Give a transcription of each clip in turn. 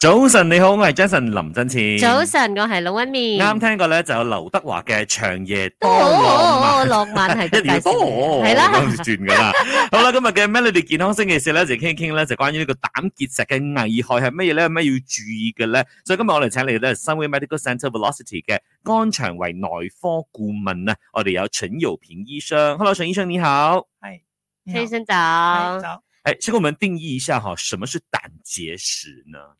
早晨，你好，我係 Jason 林振前。早晨，我係老 m 面。啱聽過咧，就有劉德華嘅《長夜多浪漫》哦，漫 一年風哦，係啦，轉嘅啦。 好啦，今日嘅 Melody 健康星期四咧，就傾一傾咧，就關於呢個膽結石嘅危害係咩咧，有咩要注意嘅咧。所以今日我哋請嚟咧，雙威 medical center velocity 嘅肝腸胃內科顧問啊，我哋有陳友平醫生。Hello，陳醫生你好。哎，陳醫生早。早。哎，先給我們定義一下哈，什麼是膽結石呢？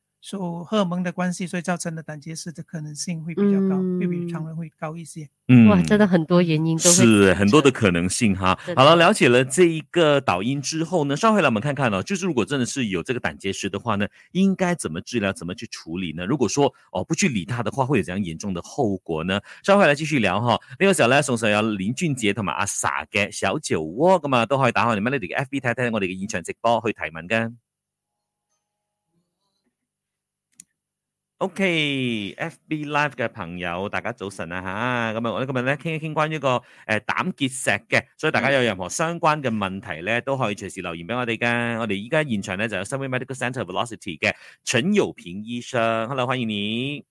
所以荷爾蒙的關係，所以造成的膽結石的可能性會比較高，比、嗯、比常人會高一些。嗯，哇，真的很多原因都是很多的可能性哈對對對，好了，了解了這一個導因之後呢，稍後來我們看看哦，就是如果真的是有這個膽結石的話呢，應該怎麼治療，怎麼去處理呢？如果說哦不去理它的話，會有怎樣嚴重的後果呢？稍後來繼續聊哈。另外，小賴送送要林俊傑，同埋阿 Sa 嘅小酒窩個嘛，都可以打好你們那裡的 F B 睇睇我一個現場直播去提問干 OK，FB Live 嘅朋友，大家早晨啊。咁我哋今日呢，傾一傾關於一個誒膽結石嘅，所以大家有任何相關嘅問題呢，都可以隨時留言俾我哋噶。我哋依家現場呢，就有新美 Medical Center Velocity 嘅陳友平醫生，Hello，歡迎你。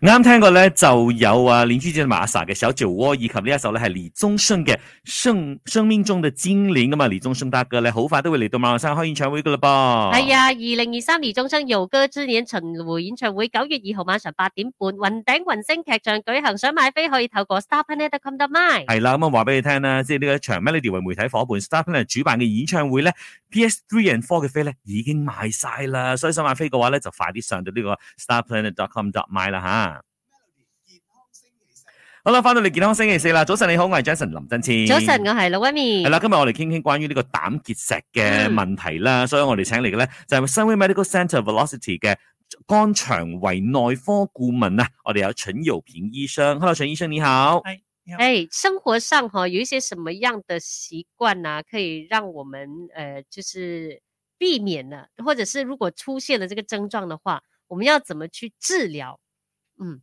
啱聽過咧，就有啊，林俊傑馬莎嘅小酒窩，以及呢一首咧係李宗盛嘅《生生命中嘅精靈》㗎嘛。李宗盛大哥咧好快都會嚟到馬鞍山開演唱會噶啦噃。係啊，二零二三年宗盛有歌之年巡迴演唱會九月二號晚上八點半，雲頂雲星劇場舉行。想買飛可以透過 starplanet.com.my 買。係啦，咁啊話俾你聽啦，即係呢個場 melody 為媒體伙伴 starplanet 主辦嘅演唱會咧，PS three and four 嘅飛咧已經賣晒啦，所以想買飛嘅話咧就快啲上到呢個 starplanet.com.my 買啦吓。好啦，翻到嚟健康星期四啦。早晨你好，我係 Jason 林振千。早晨，我係老威面。係啦，今日我哋傾傾關於呢個膽結石嘅問題啦。嗯、所以我哋請嚟嘅咧就係 Sunway Medical Center Velocity 嘅肝腸胃內科顧問啊。我哋有陳有平醫生。Hello，陳醫生你好。係，你好。誒，生活上吓有一些什麼樣嘅習慣啊，可以讓我們誒、呃，就是避免呢？或者是如果出現了這個症狀嘅話，我們要怎麼去治療？嗯。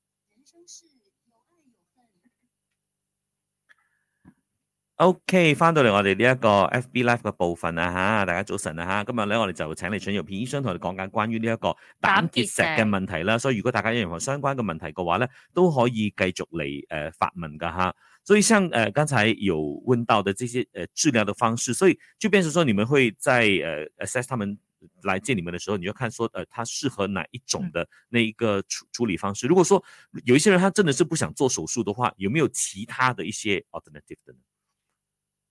O K，翻到嚟我哋呢一個 F B Live 嘅部分啊，吓大家早晨啊，吓今日咧我哋就請你准耀片、嗯、醫生同我哋講緊關於呢一個膽結石嘅問題啦、嗯，所以如果大家有任何相關嘅問題嘅話咧，都可以繼續嚟誒發問噶吓。所以像生誒、剛、呃、才有問到的這些嘅誒、呃、治療的方式，所以就變成說你們會在誒、呃、assess 他們來見你們的時候你要看說呃他適合哪一種的那一個處處理方式。嗯、如果說有一些人他真的是不想做手術嘅話，有沒有其他的一些 alternative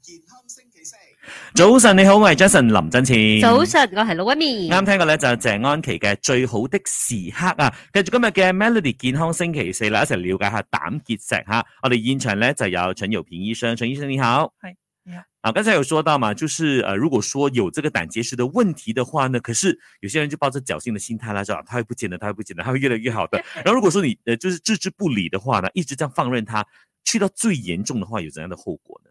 健康星期四，早晨你好，我係 Jason 林振前。早晨，我係老一面。啱聽過咧就謝安琪嘅最好的時刻啊，繼續今日嘅 Melody 健康星期四啦，一齊了解下膽結石吓。我哋現場咧就有陳友平醫生，陳醫生，陳醫生你好，係你好。嗱，剛才有說到嘛，就是誒、呃，如果說有這個膽結石的問題的話呢，可是有些人就抱着僥幸的心態啦，就、啊、他會不見得，他會不見得，他會越來越好的。 然後如果說你誒、呃，就是置之不理的話呢，一直這樣放任他，去到最嚴重的話，有怎樣的後果呢？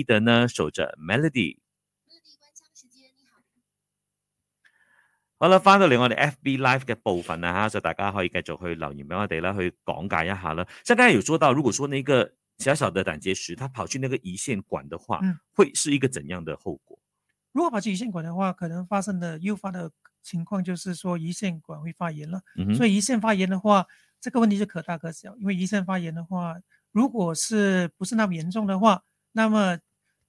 的呢，守着 melody。好啦，翻到另外的 FB Live 嘅部分啦，吓，所以大家可以繼續去留言俾我哋啦，去講解一下啦。即係剛才有說到，如果說那個小小的膽結石，它跑去那個胰腺管的話，嗯，會是一個怎樣的後果？如果跑去胰腺管的話，可能發生的誘發的情況就是說胰腺管會發炎了。嗯、所以胰腺發炎的話，這個問題是可大可小，因為胰腺發炎的話，如果是不是那麼嚴重的話，那麼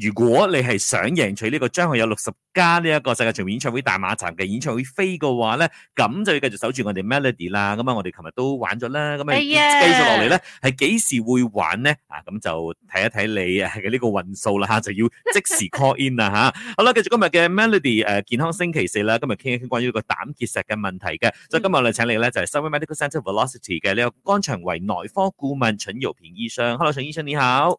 如果你係想贏取呢個將會有六十家呢一個世界巡演演唱會大馬站嘅演唱會飛嘅話咧，咁就要繼續守住我哋 Melody 啦。咁啊，我哋琴日都玩咗啦，咁啊繼續落嚟咧，係、yeah. 幾時會玩咧？啊，咁就睇一睇你嘅呢個運數啦吓，就要即時 call in 啦吓。 好啦，繼續今日嘅 Melody 誒、呃、健康星期四啦，今日傾一傾關於個膽結石嘅問題嘅、嗯。所以今日我哋請你咧就係、是、Sunway Medical Centre Velocity 嘅呢個肝腸胃內科顧問陳耀平醫生。Hello，陳醫生你好。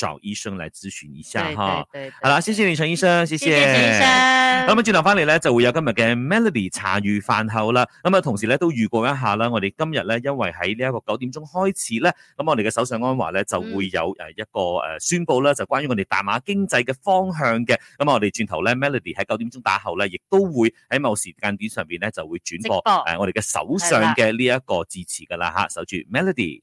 找醫生嚟諮詢一下對對對對哈，好啦，謝謝你陳醫生，謝謝。咁啊，轉頭翻嚟咧就會有今日嘅 Melody 茶餘飯後啦。咁啊，同時咧都預告一下啦，我哋今日咧因為喺呢一個九點鐘開始咧，咁我哋嘅首相安華咧就會有誒一個誒宣布咧、嗯，就關於我哋大馬經濟嘅方向嘅。咁啊，我哋轉頭咧 Melody 喺九點鐘打後咧，亦都會喺某時間點上邊咧就會轉播誒我哋嘅首相嘅呢一個致辭噶啦吓，守住 Melody。